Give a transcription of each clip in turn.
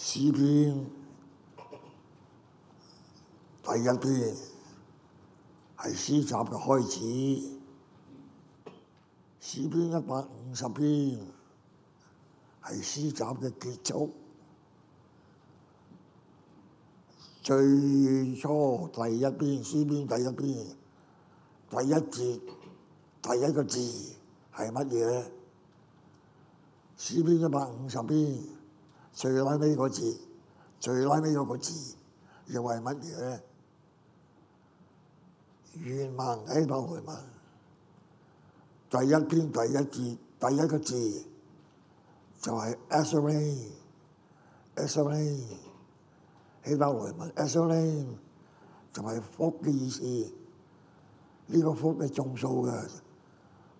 詩篇第一篇係詩集嘅開始，詩篇一百五十篇係詩集嘅結束。最初第一篇詩篇第一篇第一節第一個字係乜嘢？詩篇一百五十篇。最拉尾個字，最拉尾嗰個字，又係乜嘢咧？原文希伯來文第一篇第一字第一個字就係 Asolame，Asolame 希伯來文 Asolame 就係福嘅意思。呢個福係眾數嘅，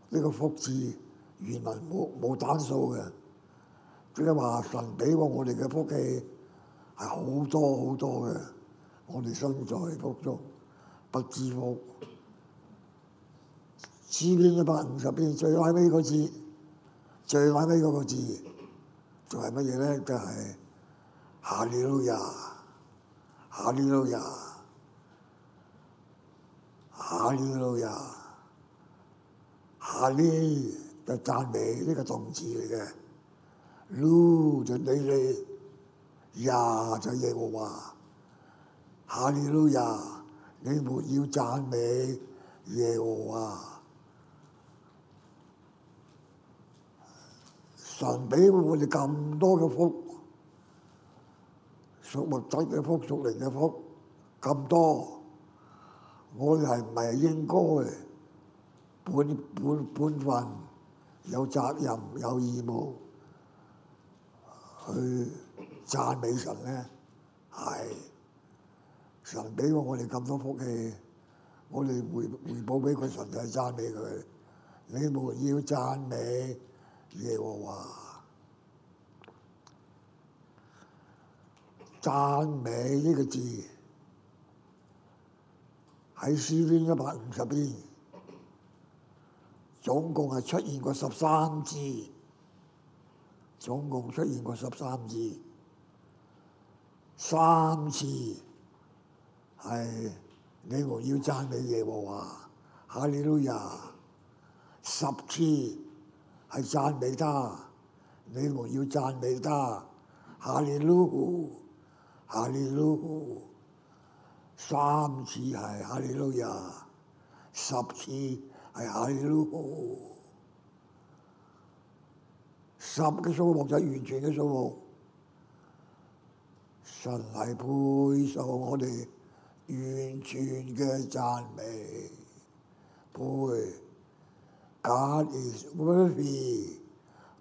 呢個福字原文冇冇單數嘅。佢話神俾我哋嘅福氣係好多好多嘅，我哋身在福中不知福。詩篇一百五十篇最拉尾嗰字，最拉尾嗰個字仲係乜嘢咧？就係哈利路亞，哈利路亞，哈利路亞，哈利就讚美呢個動詞嚟嘅。擼就你哋，呀，就耶和華，哈利路亞！你哋要讚美耶和華，神俾我哋咁多嘅福，屬物質嘅福，屬靈嘅福咁多，我哋係唔係應該嘅本本本分，有責任有義務？去讚美神咧，係神俾我我哋咁多福氣，我哋回回報俾佢神就讚美佢。你們要讚美耶和華，讚美呢個字喺詩篇一百五十篇，總共係出現過十三次。總共出現過十三次，三次係你們要讚美耶和華，哈利路亞；十次係讚美他，你們要讚美他，哈利路哈利路，三次係哈利路亞，十次係哈利路。十嘅數目就係完全嘅數目，神嚟配受我哋完全嘅讚美。因 God is worthy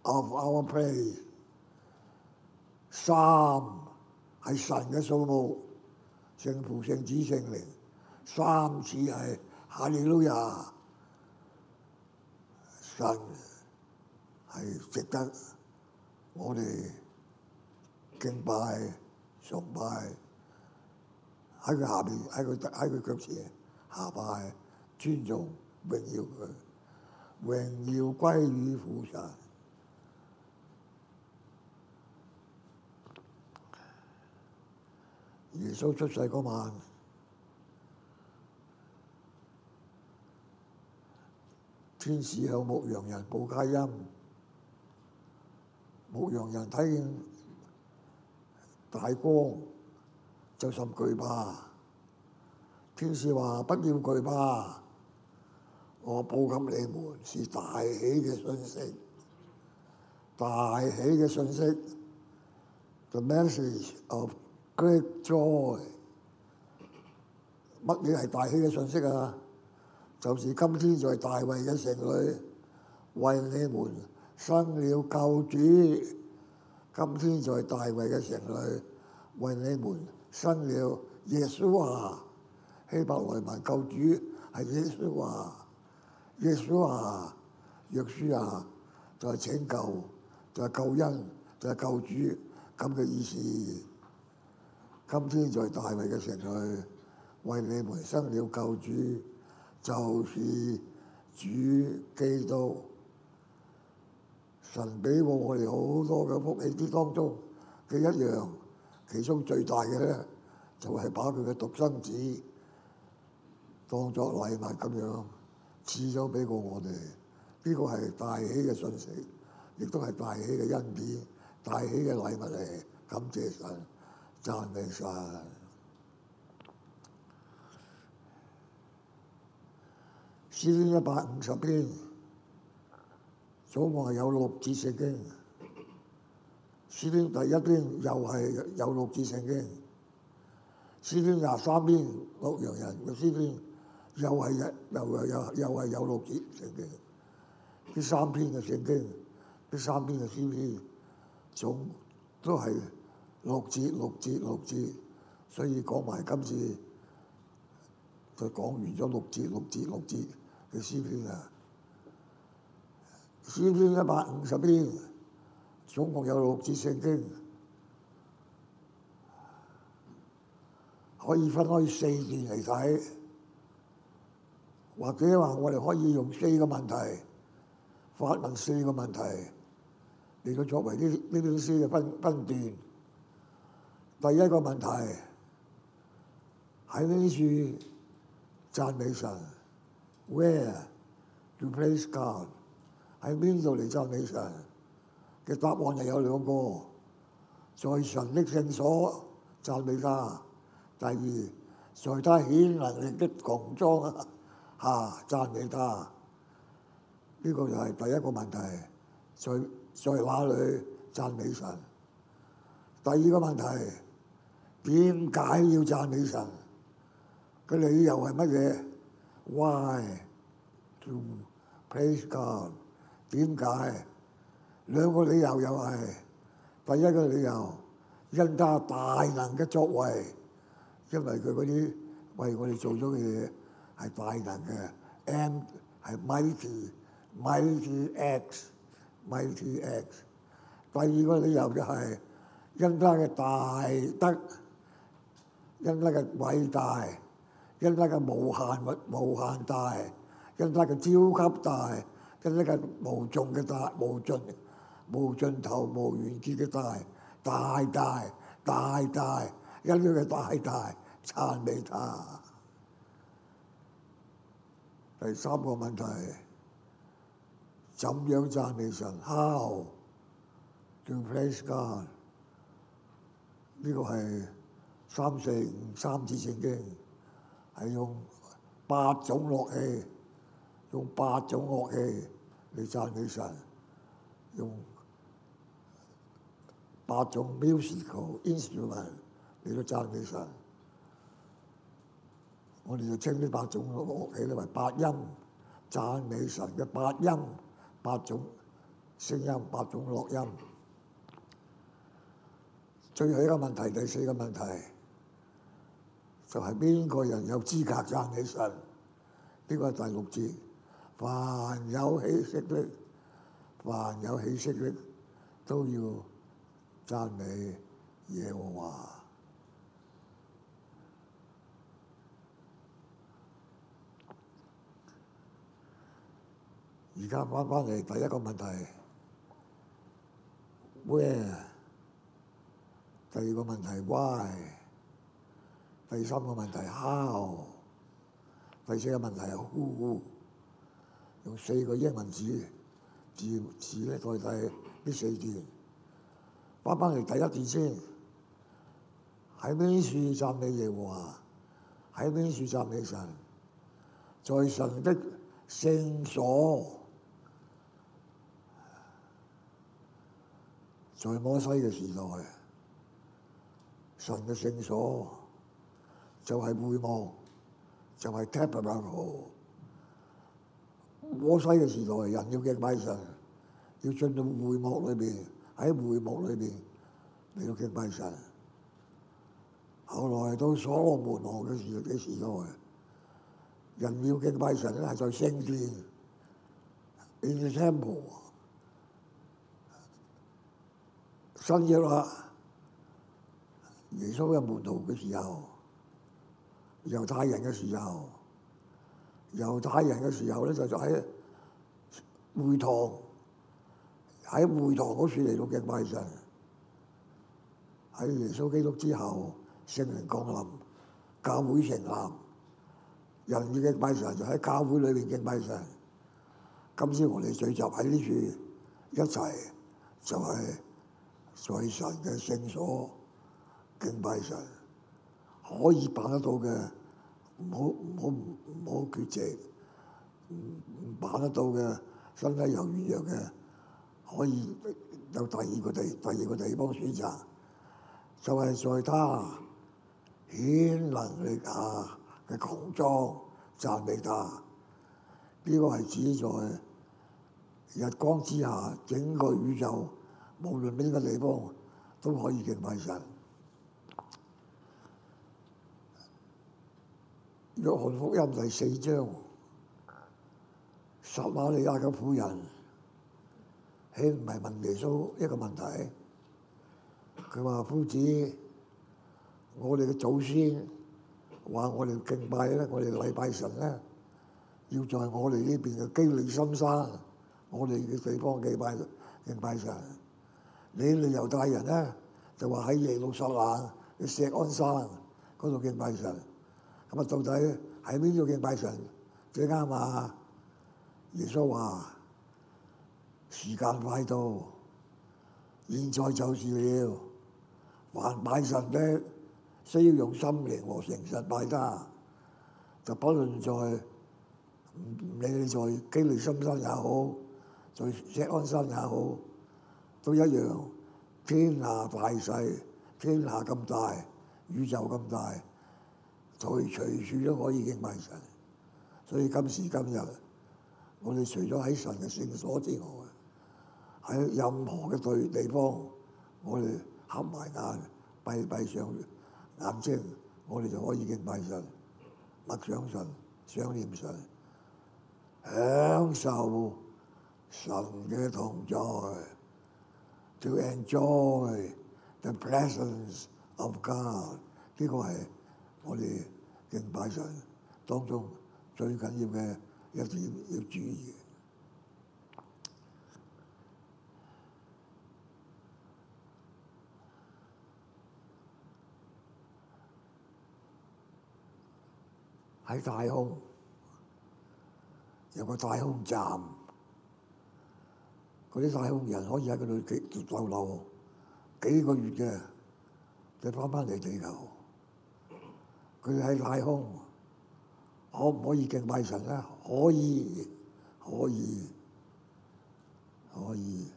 of our praise。三係神嘅數目，聖父、聖子、聖靈。三次係哈利路 l 神。係值得我哋敬拜、崇拜，喺佢下邊，喺佢喺佢腳前下拜，尊重榮耀佢，榮耀歸於父神。耶穌出世嗰晚，天使向牧羊人報佳音。牧羊人睇見大光，就甚懼怕。天使話：不要懼怕，我報給你們是大喜嘅信息，大喜嘅信息。The message of great joy。乜嘢係大喜嘅信息啊？就是今天在大衛嘅城裡，為你們生了救主。今天在大衛嘅城裡，為你們生了耶穌啊！希伯來文救主係耶穌啊！耶穌啊！約書啊，就係拯救，就係救恩，就係救主咁嘅意思。今天在大衛嘅城裡，為你們生了救主，就是主基督。神俾過我哋好多嘅福氣之中嘅一樣，其中最大嘅咧，就係、是、把佢嘅獨生子當作禮物咁樣，賜咗俾過我哋。呢個係大喜嘅信息，亦都係大喜嘅恩典、大喜嘅禮物嚟。感謝神，讚美神。詩一百五十篇。 總共係有六節聖經，詩篇第一篇又係有六節聖經，詩篇廿三篇，牧羊人嘅詩篇又係一又又又係有六節聖經，呢三篇嘅聖經，呢三篇嘅詩篇，總都係六節六節六節，所以講埋今次，佢講完咗六節六節六節嘅詩篇。啊！詩篇一百五十篇，總共有六節聖經，可以分開四段嚟睇，或者話我哋可以用四個問題，發問四個問題嚟到作為呢呢本書嘅分分段。第一個問題，喺呢處讚美神？Where to place God？喺邊度嚟讚美神嘅答案就有兩個，在神的聖所讚美他；第二，在他顯能力的穹蒼啊讚美他。呢個就係第一個問題，在在哪裏讚美神？第二個問題，點解要讚美神？嗰理由係乜嘢？Why to praise God？點解？兩個理由又係第一個理由，因他大能嘅作為，因為佢嗰啲為我哋做咗嘅嘢係大能嘅，M 係 mighty，mighty x，mighty x。第二個理由就係因他嘅大德，因他嘅偉大，因他嘅無限或無限大，因他嘅超級大。跟呢個無盡嘅大，無盡，無盡頭，無完結嘅大大大大大，跟住嘅大大讚美他。第三個問題，怎樣讚美神？How do you praise God？呢個係三四五三次聖經，係用八種樂器。用八種樂器嚟讚美神，用八種 musical instrument 你都讚美神。我哋就稱呢八種樂器咧為八音，讚美神嘅八音，八種聲音，八種樂音。最後一個問題，第四個問題，就係邊個人有資格讚美神？呢個係第六節。凡有氣息的，凡有氣息的都要讚美耶和華。而家翻翻嚟第一個問題，Where？第二個問題 Why？第三個問題 How？第四個問題 Who？用四個英文字字字嚟代替呢四段，翻返嚟第一段先。喺邊處站你耶和華？喺邊處站你神？在神的聖所，在摩西嘅時代，神嘅聖所就係會望，就係 Tabernacle。我摩西嘅時代，人要敬拜神，要進到會幕裏邊，喺會幕裏邊你要敬拜神。後來到所羅門王嘅時，幾時多嘅？人要敬拜神咧，係在聖殿，要聽道，生約啊，耶穌嘅門徒嘅時候，猶太人嘅時候。由太人嘅時候咧，就喺會堂喺會堂嗰處嚟到敬拜神。喺耶穌基督之後聖靈降臨，教會成立，人要敬拜神就喺教會裏邊敬拜神。今次我哋聚集喺呢處一齊，就係、是、在神嘅聖所敬拜神，可以辦得到嘅。唔好唔好唔好拒絕，唔辦得到嘅，身不由己嘅，可以有第二個地第二個地方選擇，就係、是、在他顯能力下嘅穹蒼讚美他，呢、這個係指在日光之下整個宇宙，無論邊個地方都可以敬拜神。約翰福音第四章，撒瑪利亞嘅婦人，豈唔係問耶穌一個問題。佢話：夫子，我哋嘅祖先話我哋敬拜咧，我哋禮拜神咧，要在我哋呢邊嘅基利心山，我哋嘅地方敬拜敬拜神。你啲猶太人咧，就話喺耶路撒冷嘅錫安山嗰度敬拜神。咁啊，到底喺邊度嘅拜神最啱啊？耶穌話：時間快到，現在就是了。還拜神呢？需要用心靈和誠實拜他。就不論在你哋在基利心山也好，在錫安山也好，都一樣。天下大勢，天下咁大，宇宙咁大。在隨處都可以敬拜神，所以今時今日，我哋除咗喺神嘅聖所之外，喺任何嘅對地方，我哋合埋眼，閉閉上眼睛，我哋就可以敬拜神，默想神、想念神，享受神嘅同在。To enjoy the presence of God，呢個係。我哋敬拜神當中最緊要嘅一點要注意大，喺太空有個太空站，嗰啲太空人可以喺嗰度住逗留幾個月嘅，就翻翻嚟地球。佢喺太空，可唔可以敬拜神咧？可以，可以，可以，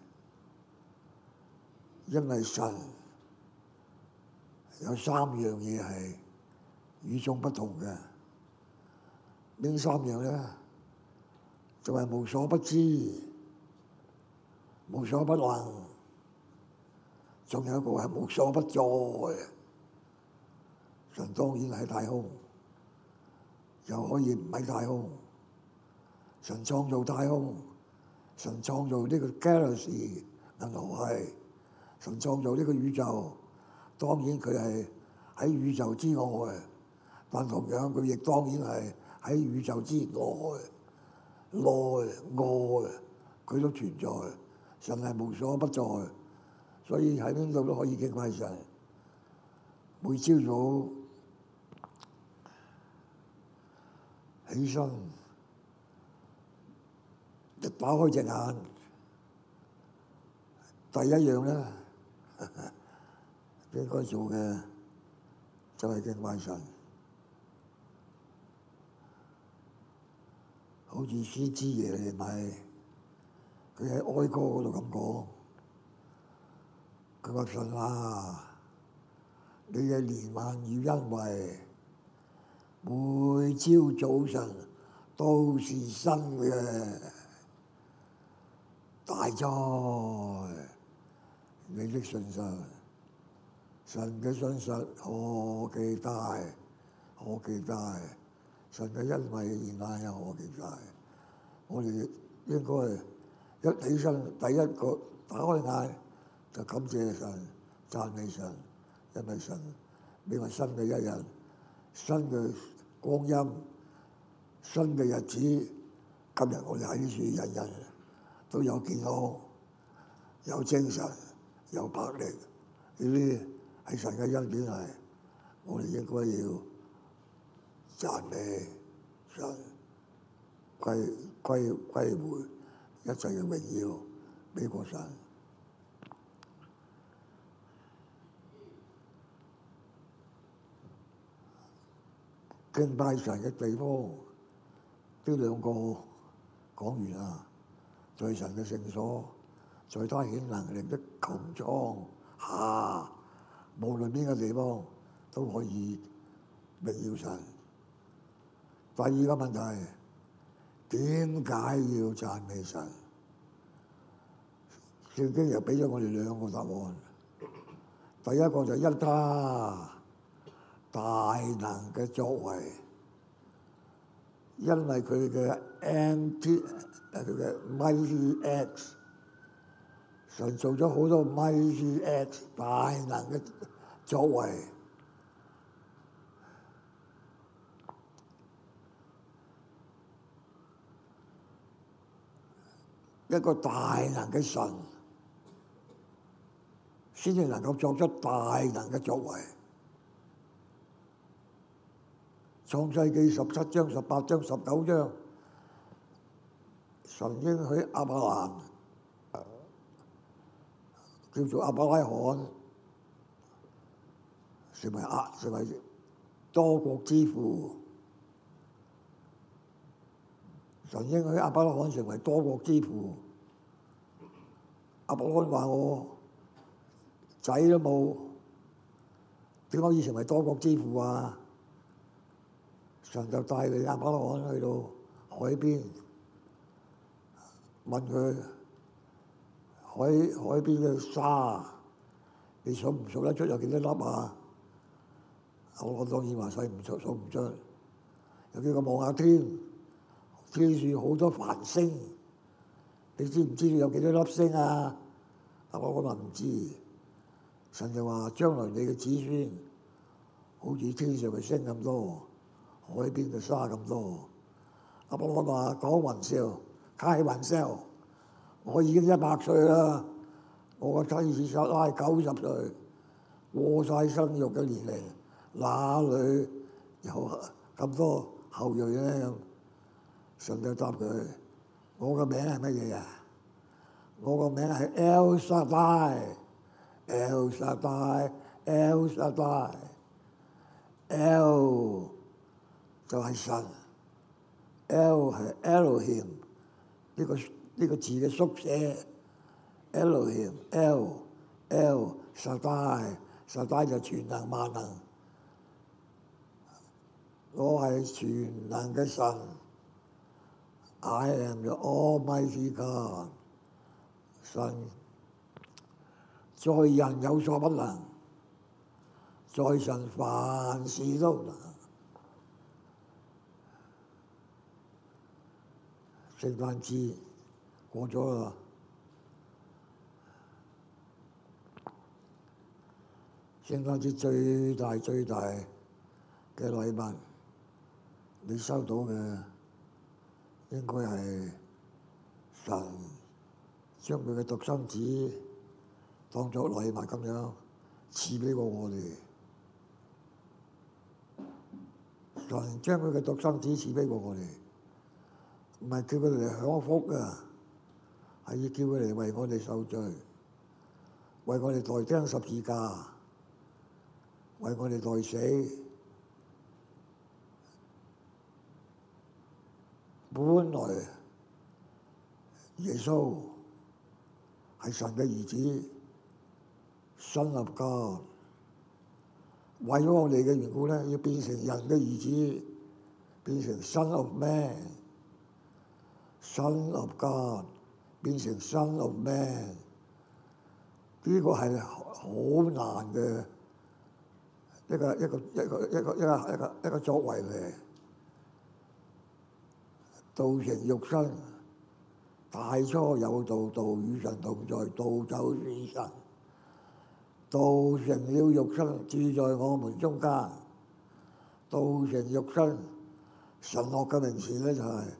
因為神有三樣嘢係與眾不同嘅，呢三樣咧？就係無所不知、無所不能，仲有一個係無所不在嘅。神當然係太空，又可以唔喺太空。神創造太空，神創造呢個 galaxy，銀河系，神創造呢個宇宙。當然佢係喺宇宙之外，但同樣佢亦當然係喺宇宙之內、內外，佢都存在，神係無所不在，所以喺邊度都可以敬拜神。每朝早，起身，一打開隻眼，第一樣咧應該做嘅就係敬拜神，好似施資爺咪佢喺哀歌嗰度咁講，佢話信啦，你嘅憐憫與欣慰。每朝早晨都是新嘅大哉，你的信實，神嘅信實何其大，何其大！神嘅恩惠憐愛又何其大！我哋應該一起身第一個打開眼，就感謝神，讚美神，因為神俾我新嘅一日，新嘅。光陰，新嘅日子，今日我哋喺呢處，人人都有健康，有精神，有魄力。呢啲係神嘅恩典，係我哋應該要讚美神，歸歸歸回一切嘅榮耀俾個神。敬拜神嘅地方，呢兩個講完啦。最神嘅聖所，最多顯能力的穹蒼，嚇，無論邊個地方都可以榮耀神。第二個問題，點解要讚美神？聖經又俾咗我哋兩個答案。第一個就係一得。大能嘅作為，因為佢嘅 mighty，誒，佢嘅 mighty acts，神做咗好多 mighty acts，大能嘅作為，一個大能嘅神先至能夠做出大能嘅作為。創世記十七章、十八章、十九章，神應許亞伯蘭，叫做亞伯拉罕，成為啊成為多國之父。神應許亞伯拉罕成為多國之父。亞伯拉罕話：我仔都冇，點可以成為多國之父啊？神就帶你阿媽羅安去到海邊，問佢海海邊嘅沙，你數唔數得出有幾多粒啊？我媽當然話數唔出。數唔出，有幾個望下天，天上好多繁星，你知唔知有幾多粒星啊？阿媽我問唔知，神就話將來你嘅子孫，好似天上嘅星咁多。海邊度沙咁多？阿、啊、伯我話講玩笑，開玩笑。我已經一百歲啦，我個妻子撒拉九十歲，過晒生育嘅年齡，哪裡有咁多後裔咧？順道答佢。我個名係乜嘢啊？我個名係 El Shaddai。El Shaddai。El Shaddai，El 就係神，L 係 L 字，呢個呢個字嘅縮寫。L 字，L，L，Shaddai，Shaddai，就全能萬能，我係全能嘅神。I am the Almighty God。神，在人有所不能，在神凡事都能。聖誕節過咗啦！聖誕節最大最大嘅禮物，你收到嘅應該係神將佢嘅獨生子當作禮物咁樣賜俾過我哋。神將佢嘅獨生子賜俾過我哋。唔係叫佢哋嚟享福嘅，係要叫佢哋為我哋受罪，為我哋代釘十字架，為我哋代死。本來耶穌係神嘅兒子，Son of God，為咗我哋嘅緣故咧，要變成人嘅兒子，變成 son of man。Son of God 變成 Son of Man？呢個係好難嘅一個一個一個一個一個一個一個作為嚟，道成肉身，太初有道，道與神同在，道就是神。道成了肉身，住在我們中間，道成肉身，神學嘅名詞咧就係、是。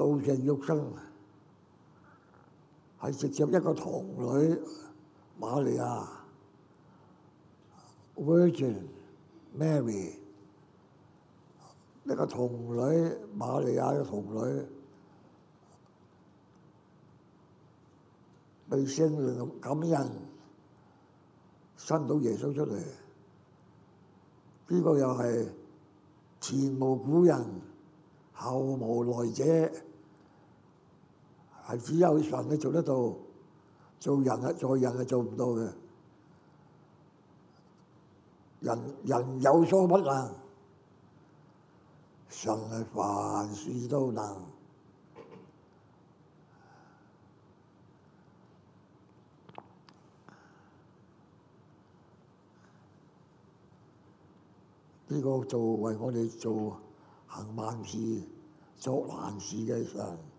道成肉身係藉著一個童女瑪利亞，Virgin Mary，一個童女瑪利亞嘅童女，被聖靈感應，生到耶穌出嚟。呢個又係前無古人，後無來者。係只有神係做得到，做人啊，做人係做唔到嘅。人人有所不能，神係凡事都能。呢個做為我哋做行萬事、做難事嘅神。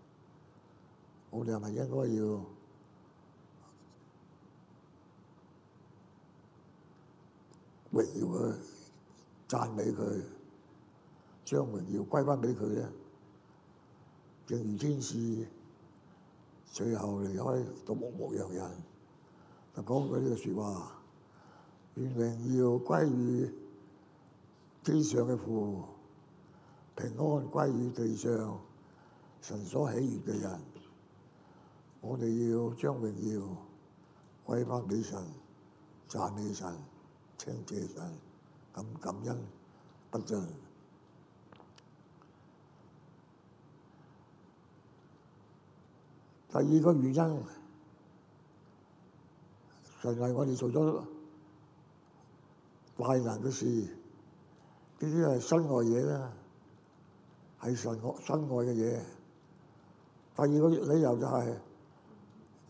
我哋係咪應該要榮耀佢，讚美佢，將榮耀歸翻俾佢咧。正如天使最後離開獨木牧羊人，就講過呢個說話：願榮耀歸於天上嘅父，平安歸於地上，神所喜悦嘅人。我哋要將榮耀歸翻俾神，讚美神、稱謝神、感，感恩不盡。第二個原因，神為我哋做咗壞人嘅事，呢啲係身外嘢啦，係神我身外嘅嘢。第二個理由就係。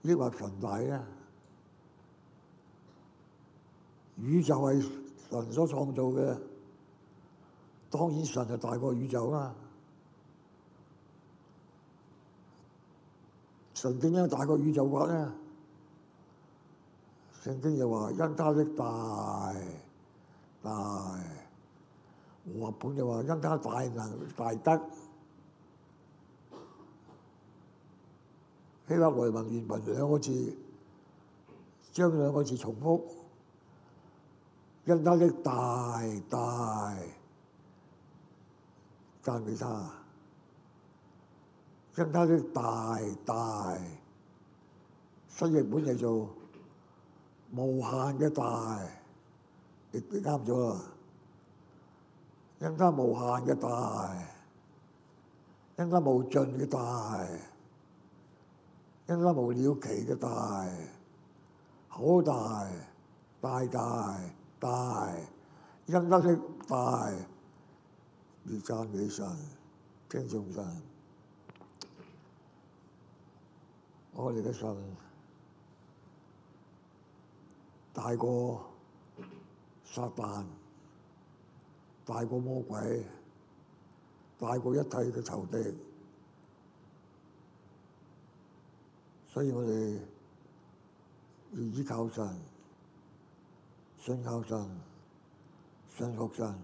或者神呢個強大嘅宇宙係神所創造嘅，當然神就大過宇宙啦。神點樣大過宇宙嘅咧？聖經又話因他的大，大。《和合本》就話因他大能，大德。希臘文、原文兩個字，將兩個字重複，印加的大大，讚俾他，印加的大大，新譯本就做無限嘅大，亦都啱咗啦，印加無限嘅大，印加無盡嘅大，恩加無了期嘅大，好大，大大大，恩加出大，越讚美神，稱讚神，我哋嘅神大過撒但，大過魔鬼，大過一切嘅仇敵。所以我哋要依靠神、信靠神、信服神，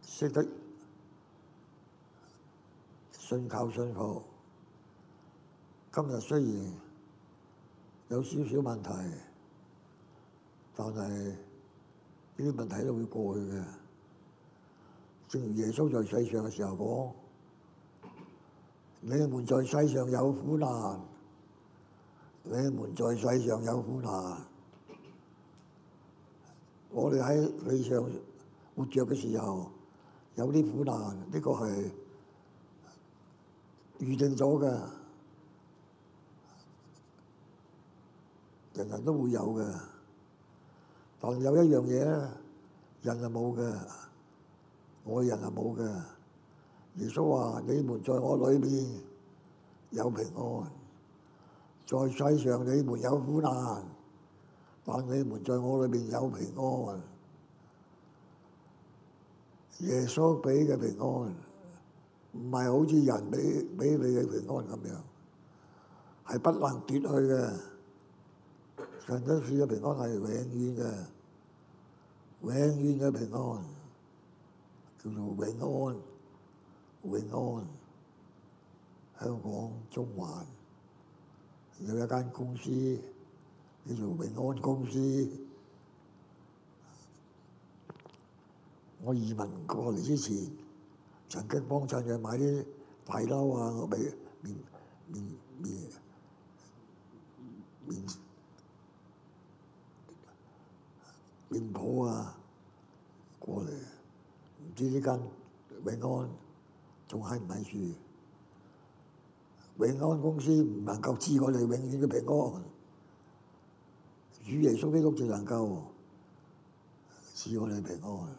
識得信靠信服。今日雖然有少少問題，但係呢啲問題都會過去嘅。正如耶穌在世上嘅時候講。你們在世上有苦難，你們在世上有苦難。我哋喺地上活着嘅時候有啲苦難，呢個係預定咗嘅，人人都會有嘅。但有一樣嘢咧，人係冇嘅，我人係冇嘅。耶穌話：你們在我裏邊有平安，在世上你們有苦難，但你們在我裏邊有平安。耶穌俾嘅平安唔係好似人俾俾你嘅平安咁樣，係不能奪去嘅。上帝賜嘅平安係永遠嘅，永遠嘅平安，叫做永安。永安，on, 香港中環有一間公司叫做永安公司。我移民過嚟之前，曾經幫襯佢買啲大褸啊，我俾面面面面面鋪啊過嚟，唔知呢間永安。仲喺唔喺處？永安公司唔能夠治我哋永遠嘅平安，主耶穌基督最能夠治我哋平安。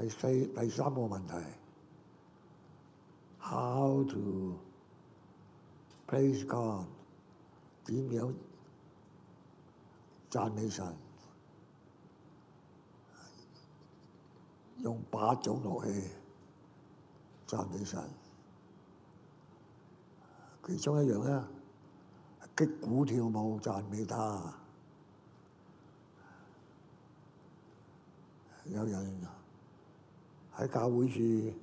第四，第三個問題，How to praise God 點樣？讚美神，用八種樂器讚美神，其中一樣呢，擊鼓跳舞讚美他，有人喺教會處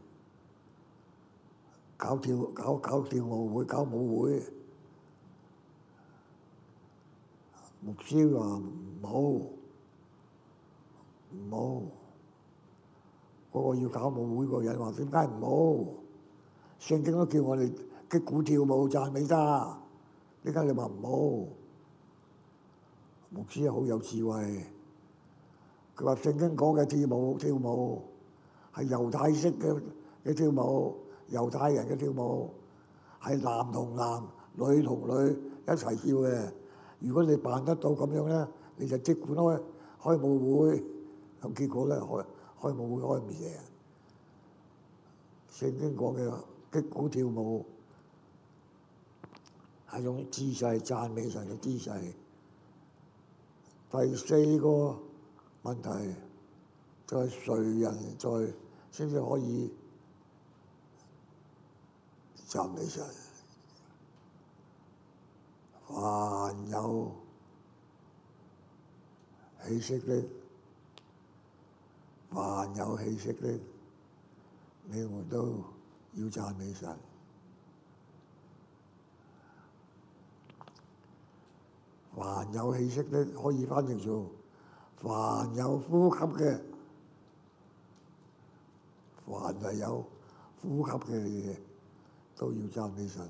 搞跳搞搞跳舞會搞舞會。牧師話唔好唔好，嗰個要搞舞會個人話點解唔好？聖經都叫我哋擊鼓跳舞讚美噶，點解你話唔好？牧師好有智慧，佢話聖經講嘅跳舞跳舞係猶太式嘅嘅跳舞，猶太人嘅跳舞係男同男、女同女一齊跳嘅。如果你辦得到咁樣咧，你就儘管開開舞會，咁結果咧，開開舞會開唔贏。聖經講嘅擊鼓跳舞係用姿勢讚美神嘅姿勢。第四個問題就係誰人在先至可以讚美神？凡有氣息的，凡有氣息的，你們都要讚美神。凡有氣息的，可以翻譯做，凡有呼吸嘅，凡係有呼吸嘅都要讚美神。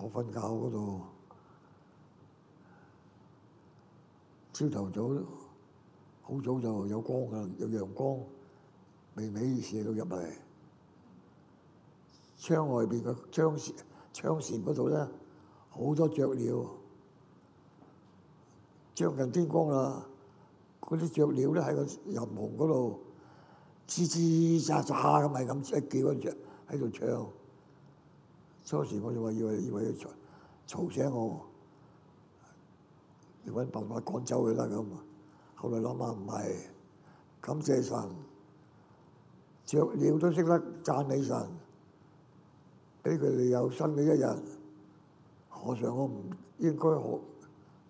我瞓覺嗰度，朝頭早好早就有光啦，有陽光，微微射到入嚟。窗外邊嘅窗線、窗線嗰度咧，好多雀鳥，將近天光啦。嗰啲雀鳥咧喺個入鴻嗰度，吱吱喳喳咁係咁一幾蚊雀喺度唱。初時我仲話以為以為要嘈嘈醒我，你揾辦法趕走佢啦咁。後嚟諗下唔係，感謝神，雀鳥都識得讚美神，俾佢哋有新嘅一日。我想我唔應該好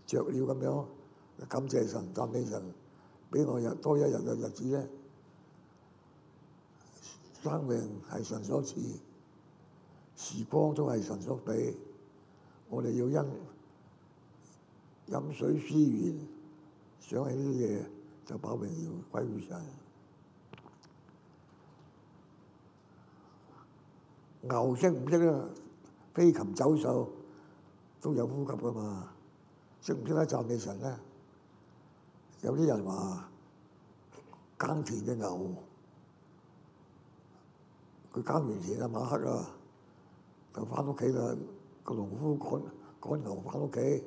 雀鳥咁樣，感謝神，讚美神，俾我有多一日嘅日子咧。生命係神所賜。時光都係神所俾，我哋要因飲水思源，想起呢啲嘢就保命要歸於神。牛識唔識啊？飛禽走獸都有呼吸㗎嘛？識唔識得讚美神咧？有啲人話耕田嘅牛，佢耕完田啊晚黑啊～我翻屋企啦！個農夫趕趕牛翻屋企，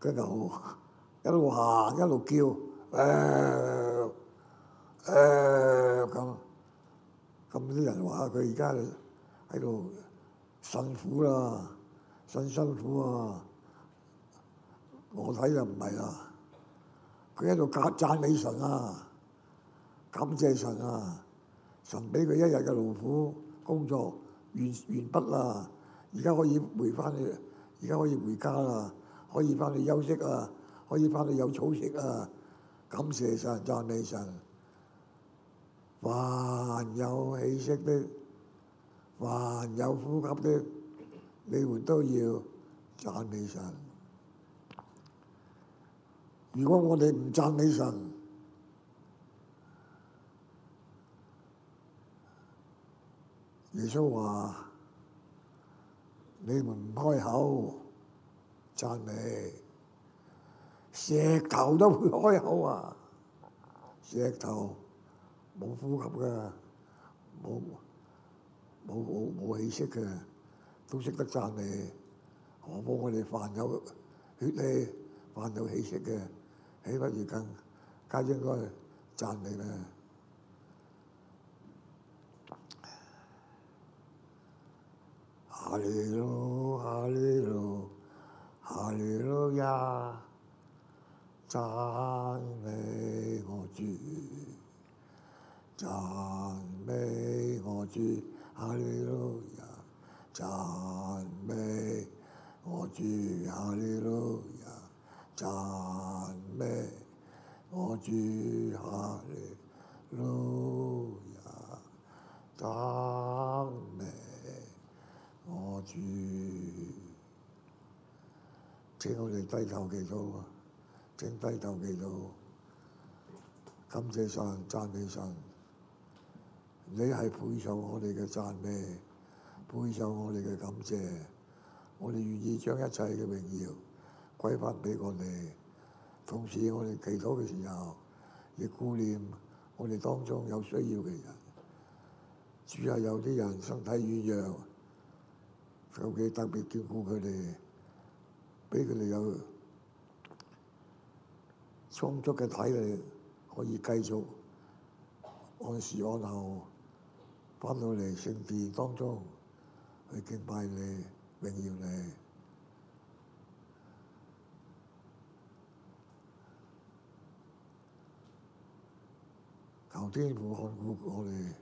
佢牛一路行一路叫，誒誒咁，咁啲人話佢而家喺度辛苦啦、啊，辛辛苦啊！我睇就唔係啦，佢喺度讚讚美神啊，感謝神啊，神俾佢一日嘅勞苦工作。完完畢啦！而家可以回翻去，而家可以回家啦，可以翻去休息啊，可以翻去有草食啊！感謝神，讚美神，凡有氣息的，凡有呼吸的，你們都要讚美神。如果我哋唔讚美神，耶穌話：你們唔開口讚美，石頭都會開口啊！石頭冇呼吸㗎，冇冇冇氣息嘅，都識得讚美。何況我哋凡有血氣、凡有氣息嘅，豈不越更加應該讚美呢？哈利路亞，哈利路亞，哈利路亞，讚美我主，讚美我主，哈利路亞，讚美我主，哈利路亞，讚美我主，哈利路亞，讚美。我住、哦，請我哋低頭祈禱，請低頭祈禱，感謝神，讚美神，你係配受我哋嘅讚美，配受我哋嘅感謝。我哋願意將一切嘅榮耀歸翻俾我哋。同時，我哋祈禱嘅時候，亦顧念我哋當中有需要嘅人。主啊，有啲人身體軟弱。尤其特別照顧佢哋，俾佢哋有充足嘅體力，可以繼續按時按候返到嚟聖殿當中去敬拜你、榮耀你，求天父看顧我哋。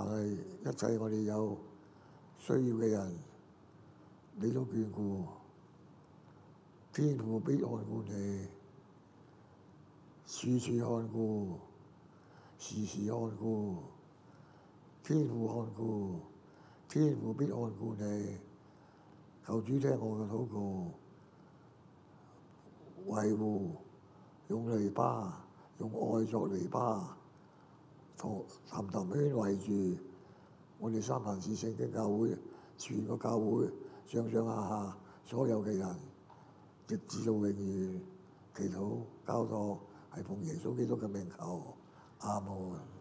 但係一切，我哋有需要嘅人，你都眷顧，天父必愛護你，處處看顧，時時看顧，天父看顧，天父必愛護你，求主聽我嘅禱告。慰顧，維護，用嚟巴，用愛作嚟巴。氹氹圈，圍住我哋三藩市聖經教會全個教會上上下下所有嘅人，直至到永遠，祈禱交託，係奉耶穌基督嘅名求阿門。